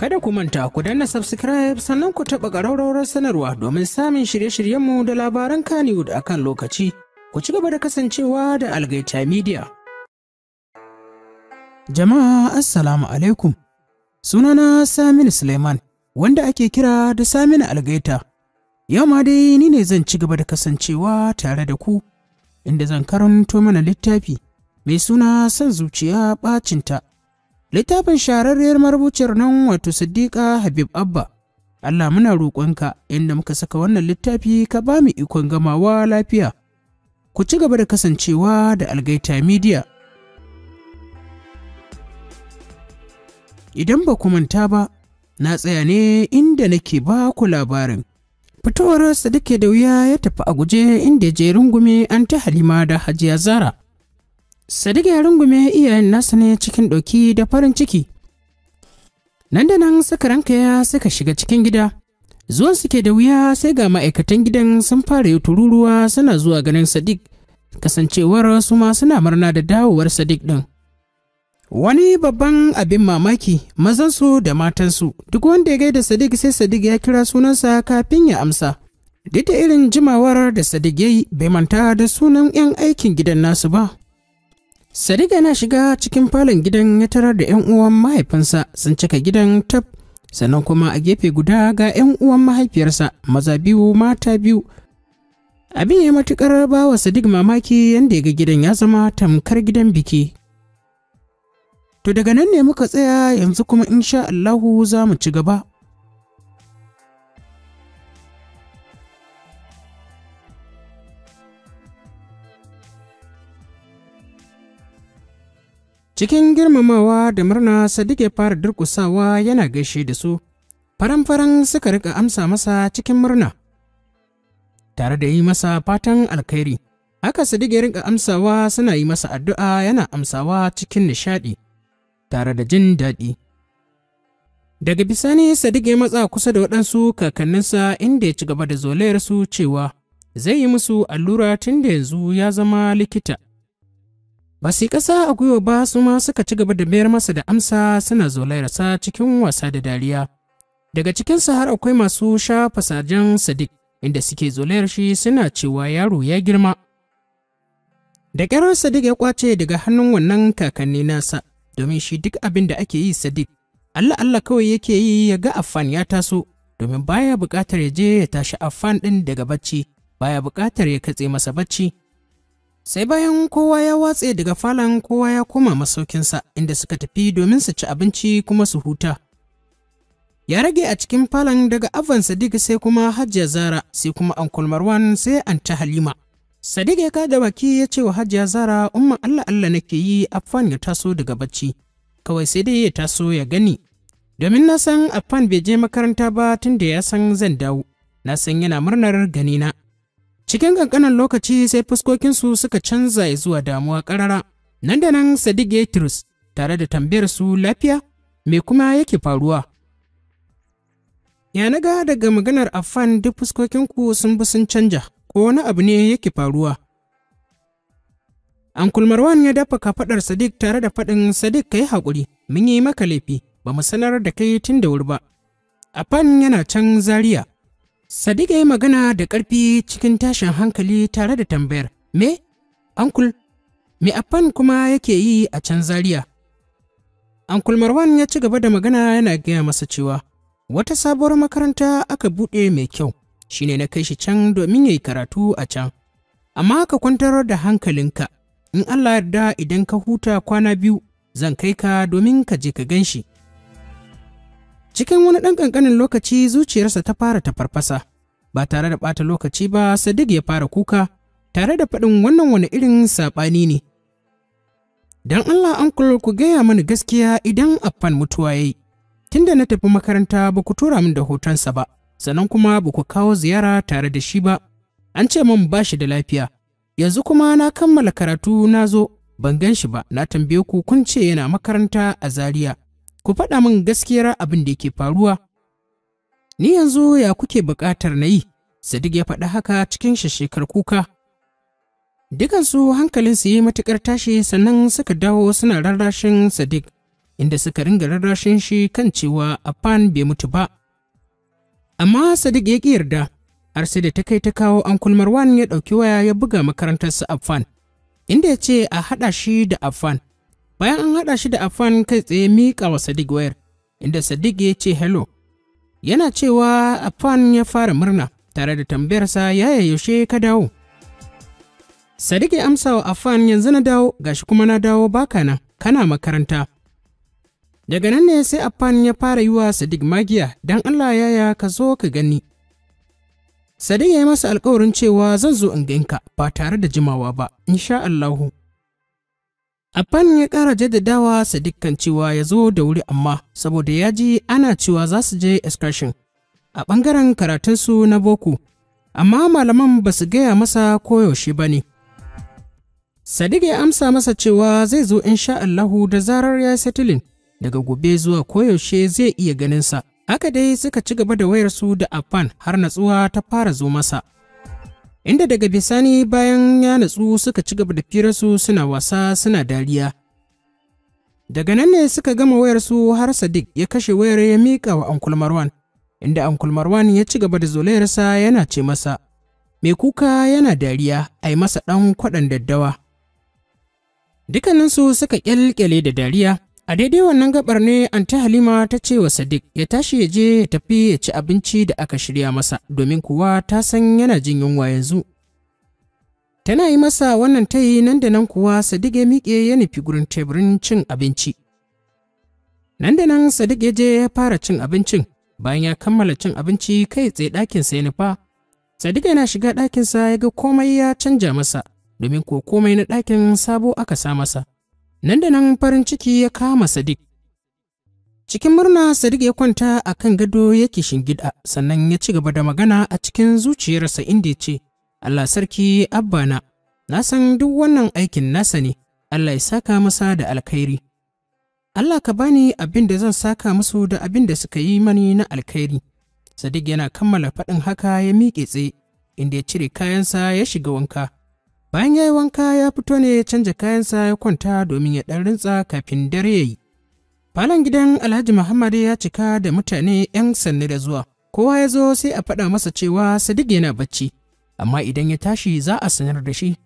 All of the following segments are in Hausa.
Kada ku manta ku danna subscribe sannan ku taɓa ƙararrawar sanarwa domin samun shirye-shiryenmu da labaran Kannywood a kan lokaci. Ku ci gaba da kasancewa da Algaita Media. Jama'a Assalamu alaikum. Sunana Saminu Suleiman wanda ake kira da Saminu Algaita. Yau ma dai ni ne zan ci gaba da kasancewa tare da ku inda zan karanto mana littafi mai suna son zuciya bacinta. littafin shahararriyar marubuciyar nan wato siddiƙa habib abba allah muna roƙonka inda muka saka wannan littafi ka ba mu ikon gamawa lafiya ku ci gaba da kasancewa da algaita media idan ba ku manta ba na tsaya ne inda nake ba ku labarin fitowar da da wuya ya tafi a guje inda je Rungumi an ta halima da hajiya zara Sadiq ya rungume iyayen nasa ne cikin ɗauki da farin ciki. Nan da nan suka ya suka shiga cikin gida. Zuwan suke da wuya sai ga ma'aikatan gidan sun fara yi tururuwa suna zuwa ganin Sadiq, kasancewar su ma suna murna da dawowar Sadiq ɗin. Wani babban abin mamaki mazansu da matansu duk wanda ya gaida Sadiq sai Sadiq ya kira sunansa kafin ya amsa. Duk da irin jimawar da Sadiq ya yi bai manta da sunan 'yan aikin gidan nasu ba. Sadiq na shiga cikin falon gidan ya tarar da 'yan uwan mahaifinsa sun cika gidan tab sannan kuma a gefe guda ga 'yan uwan mahaifiyarsa maza biyu mata biyu abin ya matukar ba wa sadiq mamaki yadda ga gidan ya zama tamkar gidan biki to daga nan ne muka tsaya yanzu kuma insha allahu za mu ci gaba Cikin girmamawa da murna Sadiq ya fara durƙusawa yana gaishe da su, faran-faran suka rika amsa masa cikin murna. Tare da yi masa fatan alkhairi, haka Sadiq ya rika amsawa suna yi masa addu'a yana amsawa cikin nishaɗi, tare da jin daɗi. Daga bisani Sadiq ya matsa kusa da waɗansu kakanninsa inda ya ci gaba da zolayarsu cewa zai yi musu allura tun da yanzu ya zama likita. Masu ƙasa a gwiwa ba su ma suka ci gaba da mayar masa da amsa suna zolairasa cikin wasa da dariya. Daga cikinsu har akwai masu shafa sajen Sadiq inda suke zolayar shi suna cewa yaro ya girma. Da ƙyarar Sadiq ya ƙwace daga hannun wannan kakanni nasa domin shi duk abin da ake yi Sadiq. Allah Allah kawai yake yi ya ga afan ya taso domin baya buƙatar ya je ya tashi afan ɗin daga bacci baya buƙatar ya katse masa bacci. sai bayan kowa ya watse daga falon kowa ya koma masaukinsa inda suka tafi domin su ci abinci kuma su huta ya rage a cikin falon daga avan sadiq sai kuma hajiya zara sai kuma an marwan sai an ta halima sadiq ya kada baki ya ce wa hajiya zara umma allah allah nake yi afan ya taso daga bacci kawai sai dai ya taso ya gani domin na san afan bai je makaranta ba tun da ya san zan dawo na san yana murnar ganina Cikin ƙanƙanin lokaci sai fuskokinsu suka canza zuwa damuwa ƙarara. Nan da nan Sadiq ya tare da tambayar su lafiya, mai kuma yake faruwa? Ya naga daga maganar Affan duk fuskokinku sun bi sun canja, ko wani abu ne yake faruwa. Ankul Marwan ya dafa kafaɗar Sadiq tare da faɗin Sadiq ka yi haƙuri, mun yi maka laifi, ba mu sanar da kai tun da wuri ba. Affan yana can Zaria, Sadiq ya magana da ƙarfi cikin tashin hankali tare da tambayar, Me, Ankul, me Affan kuma yake yi a can Zaria? Ankul Marwan ya ci gaba da magana yana gaya masa cewa, Wata sabuwar makaranta aka buɗe mai kyau, shi ne na kai shi can domin ya yi karatu a can. Amma ka kwantar da hankalinka, in Allah yarda idan ka huta kwana biyu, zan kai ka domin ka je ka gan shi. cikin wani ɗan ƙanƙanin lokaci zuciyarsa ta fara ta farfasa ba tare da ɓata lokaci ba sadiq ya fara kuka tare da faɗin wannan wani irin saɓani ne don allah an uncle ku gaya mani gaskiya idan affan mutuwa ya yi tunda na tafi makaranta ba ku tura min da hotonsa ba sannan kuma ba ku kawo ziyara tare da shi ba an ce min ba shi da lafiya yanzu kuma na kammala karatu na zo ban gan shi ba na tambaye ku kun ce yana makaranta a zaria ku faɗa min gaskiyar abin da yake faruwa. Ni yanzu ya kuke buƙatar na yi, Sadiq ya faɗi haka cikin shashekar kuka. Dukansu hankalinsu yi matuƙar tashi sannan suka dawo suna rarrashin Sadiq, inda suka ringa rarrashin shi kan cewa Afan bai mutu ba. Amma Sadiq ya ƙi yarda, har sai da ta kai ta kawo kulmar Marwan ya ɗauki waya ya buga makarantar makarantarsa Afan, inda ya ce a haɗa shi da Afan. bayan an haɗa shi da afan kai tsaye miƙa wa sadiq wayar inda sadiq ya ce hello yana cewa afan ya fara murna tare da tambayarsa yaya yaushe ka dawo sadiq ya amsa wa afan yanzu na dawo gashi kuma na dawo baka nan kana makaranta daga nan ne sai afan ya fara yi wa sadiq magiya don allah yaya ka zo ka gani sadiq ya yi masa alkawarin cewa zan zo in ganka ba tare da jimawa ba insha allahu apan ya ƙara jaddadawa Sadiq kan cewa ya zo da wuri amma saboda ya ji ana cewa za su je excursion a ɓangaren karatunsu na boko, amma malaman ba su gaya masa koyaushe ba ne. Sadiq ya amsa masa cewa zai zo in sha Allahu da zarar ya yi daga gobe zuwa koyaushe zai iya ganinsa. Haka dai suka ci gaba da wayarsu da Afan har natsuwa ta fara zo masa. inda daga bisani bayan ya natsu suka ci gaba da firarsu suna wasa suna dariya daga nan ne suka gama wayarsu har sadiq ya kashe wayar ya miƙa wa ankul marwan inda ankul marwan ya ci gaba da zolayarsa yana ce masa mai kuka yana dariya a yi masa ɗan kwaɗan daddawa dukaninsu suka ƙyalƙyale da dariya A daidai wannan gabar ne Anta Halima ta ce wa Sadiq ya tashi ya je ya tafi ya ci abinci da aka shirya masa domin kuwa ta san yana jin yunwa yanzu. Tana yi masa wannan ta yi nan da nan kuwa Sadiq ya miƙe ya nufi gurin teburin cin abinci. Nan da nan Sadiq ya je ya fara cin abincin bayan ya kammala cin abinci kai tsaye ɗakinsa ya nufa. Sadiq yana shiga ɗakinsa ya ga komai ya canja masa domin ko komai na ɗakin sabo aka sa masa. Nan da nan farin ciki ya kama Sadiq. Cikin murna Sadiq ya kwanta a kan gado yake shingida sannan ya ci gaba da magana a cikin zuciyarsa inda ya ce, Allah sarki Abba na san duk wannan aikin nasa ne, Allah ya saka masa da alkhairi. Allah ka bani abin da zan saka musu da abin da suka yi mani na alkhairi. Sadiq yana kammala faɗin haka ya miƙe tsaye, inda ya cire kayansa ya shiga wanka. Bayan ya yi wanka ya fito ne ya canja kayansa ya kwanta domin ya ɗan rintsa kafin dare ya yi. Falon gidan Alhaji Muhammad ya cika da mutane 'yan sanda da zuwa. Kowa ya zo sai a faɗa masa cewa Sadiq yana bacci, amma idan ya tashi za a sanar da shi.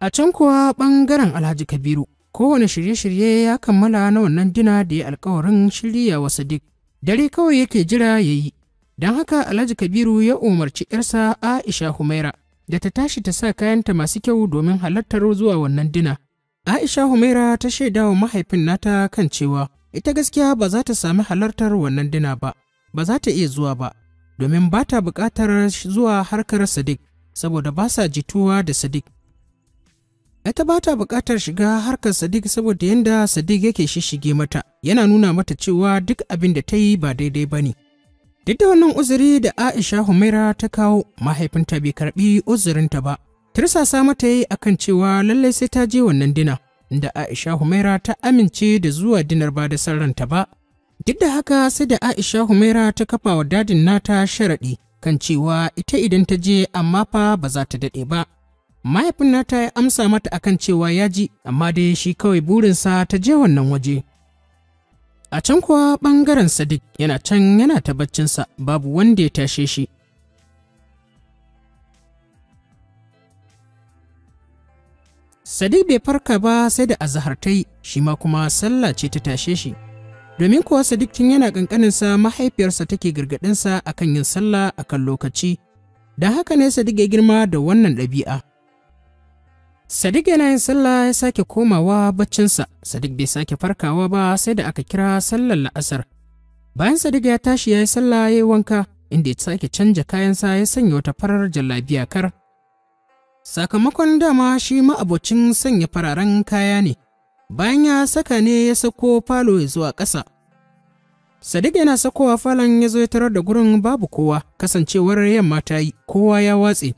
A can kuwa ɓangaren Alhaji Kabiru, kowane shirye-shirye ya kammala na wannan dina da ya alkawarin shirya wa Sadiq. Dare kawai yake jira ya yi, don haka Alhaji Kabiru ya umarci 'yarsa Aisha Humaira da ta tashi ta sa kayanta masu kyau domin halartar zuwa wannan dina. Aisha Humaira ta shaida wa mahaifin nata kan cewa ita gaskiya ba za ta sami halartar wannan dina ba, ba za ta iya zuwa ba, domin ba ta buƙatar zuwa harkar Sadiq saboda ba sa jituwa da Sadiq. Ita ba ta buƙatar shiga harkar Sadiq saboda yadda Sadiq yake shishige mata, yana nuna mata cewa duk abin da ta yi ba daidai ba ne. Duk da wannan uzuri da Aisha Humaira ta kawo mahaifinta bai karɓi uzurinta ba, tirsasa mata yi akan cewa lallai sai ta je wannan dina, da Aisha Humaira ta amince da zuwa dinar ba da sarranta ba. Duk da haka sai da Aisha Humaira ta kafa wa dadin nata sharaɗi kan cewa ita idan ta je amma fa ba za ta daɗe ba. Mahaifin nata ya amsa mata akan cewa ya ji, amma dai shi kawai burinsa ta je wannan waje. A can kuwa ɓangaren Sadiq yana can yana ta baccinsa babu wanda ya tashe shi. Sadiq bai farka ba sai da azahar ta yi, shi ma kuma sallah ce ta tashe shi. Domin kuwa Sadiq tun yana ƙanƙaninsa mahaifiyarsa take gargaɗinsa akan yin sallah akan lokaci. Don haka ne Sadiq ya girma da wannan ɗabi'a. Sadiq yana yin sallah ya sake komawa baccinsa. Sadiq bai sake farkawa ba sai da aka kira sallar la'asar. Bayan Sadiq ya tashi ya yi sallah ya yi wanka, inda ya sake canja kayansa ya sanya wata farar jallabiya kar. Sakamakon dama shi ma'abocin sanya fararen kaya ne. Bayan ya saka ne ya sako falo ya zuwa ƙasa. Sadiq yana sakowa falon ya zo ya tarar da gurin babu kowa, kasancewar yamma ta yi, kowa ya watse.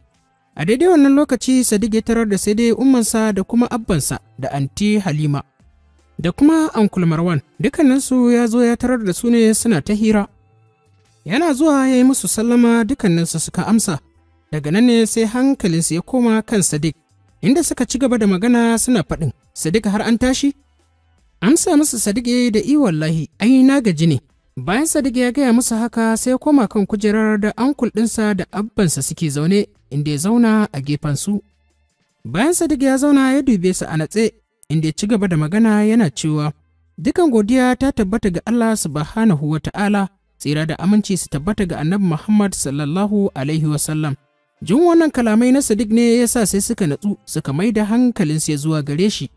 A daidai wannan lokaci Sadiq ya tarar da sai dai ummansa da kuma abbansa da anti Halima da kuma Uncle Marwan dukkaninsu ya zo ya tarar da su ne suna ta hira. Yana zuwa ya yi musu sallama dukkaninsu suka amsa. Daga nan ne sai hankalinsu ya koma kan Sadiq inda suka ci gaba da magana suna faɗin Sadiq har an tashi? Amsa musu Sadiq da i wallahi ai na gaji ne. Bayan Sadiq ya gaya musu haka sai ya koma kan kujerar da ankul ɗinsa da abbansa suke zaune inda ya zauna a gefen su. Bayan Sadiq ya zauna ya dube su a natse, inda ya ci gaba da magana yana cewa, Dukan godiya ta tabbata ga Allah subhanahu wa ta'ala, tsira da aminci su tabbata ga annabi Muhammad sallallahu alaihi wasallam. Jin wannan kalamai na Sadiq ne ya sa sai suka natsu suka mai da hankalinsu ya zuwa gare shi.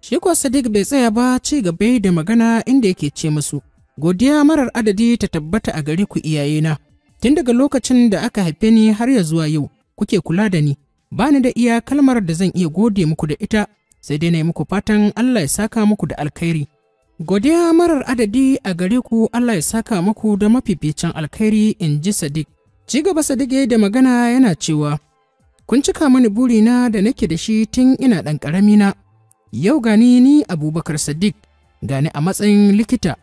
Shi kuwa Sadiq bai tsaya ba ci gaba da magana inda yake ce musu, Godiya marar adadi ta tabbata a gare ku iyayena, tun daga lokacin da aka haife ni har ya zuwa yau, kuke kula da ni, ba ni da iya kalmar da zan iya gode muku da ita, sai dai na yi muku fatan Allah ya saka muku da alkhairi. Godiya marar adadi a gare ku Allah ya saka muku da mafificin alkhairi in ji Sadiq. Ci gaba Sadiq da magana yana cewa, Kun cika mani buri na da nake da shi tun ina ɗan ƙarami na. Yau gani ni Abubakar Sadiq, gani a matsayin likita.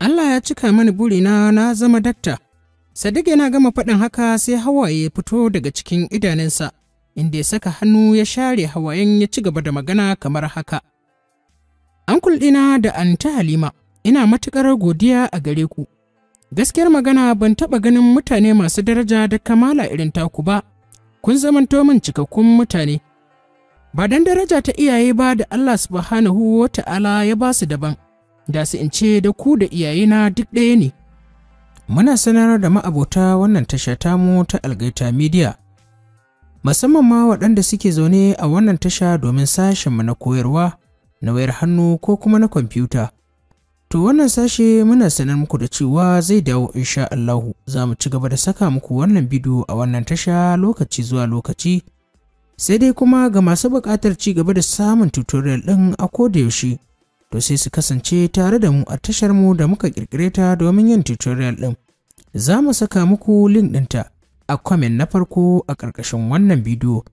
Allah ya cika mani burina na zama dakta. Sadiq yana gama faɗin haka sai hawaye ya fito daga cikin idanunsa, inda ya saka hannu ya share hawayen ya ci gaba da magana kamar haka. An kulɗina da anta Halima, ina matuƙar godiya a gare ku. Gaskiyar magana ban taɓa ganin mutane masu daraja da kamala irin taku ba, kun zamanto min cikakkun mutane. Ba dan daraja ta iyaye ba da Allah subhanahu wa ta'ala ya ba su daban, da su in ce da ku da iyayena duk ɗaya ne. muna sanar da ma'abota wannan tasha ta mu ta algaita media musamman ma waɗanda suke zaune a wannan tasha domin sashenmu na koyarwa na wayar hannu ko kuma na kwamfuta to wannan sashe muna sanar muku da cewa zai dawo insha Allahu za mu ci gaba da saka muku wannan bidiyo a wannan tasha lokaci zuwa lokaci sai dai kuma ga masu buƙatar ci gaba da samun tutorial ɗin a koda yaushe to sai su kasance tare da mu a tashar mu da muka kirkire ta domin yin tutorial ɗin. Za mu saka muku link ɗinta a comment na farko a ƙarƙashin wannan bidiyo.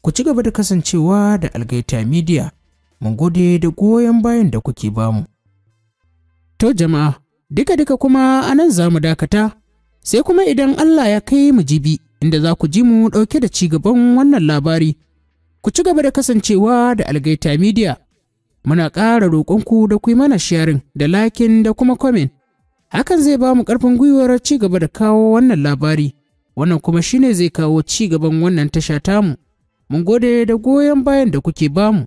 Ku ci gaba da kasancewa da Algaita Media. Mun gode da goyon bayan da kuke ba mu. To jama'a, duka-duka kuma a nan za mu dakata, sai kuma idan Allah ya kai mu jibi inda za ku ji mu ɗauke da ci gaban wannan labari. Ku ci gaba da kasancewa da Algaita Media. Muna ƙara roƙonku da ku yi mana sharing da lakin da kuma comment. Hakan zai ba mu ƙarfin gwiwar ci gaba da kawo wannan labari. Wannan kuma shine zai kawo ci gaban wannan tasha tamu. Mun gode da goyon bayan da kuke bamu.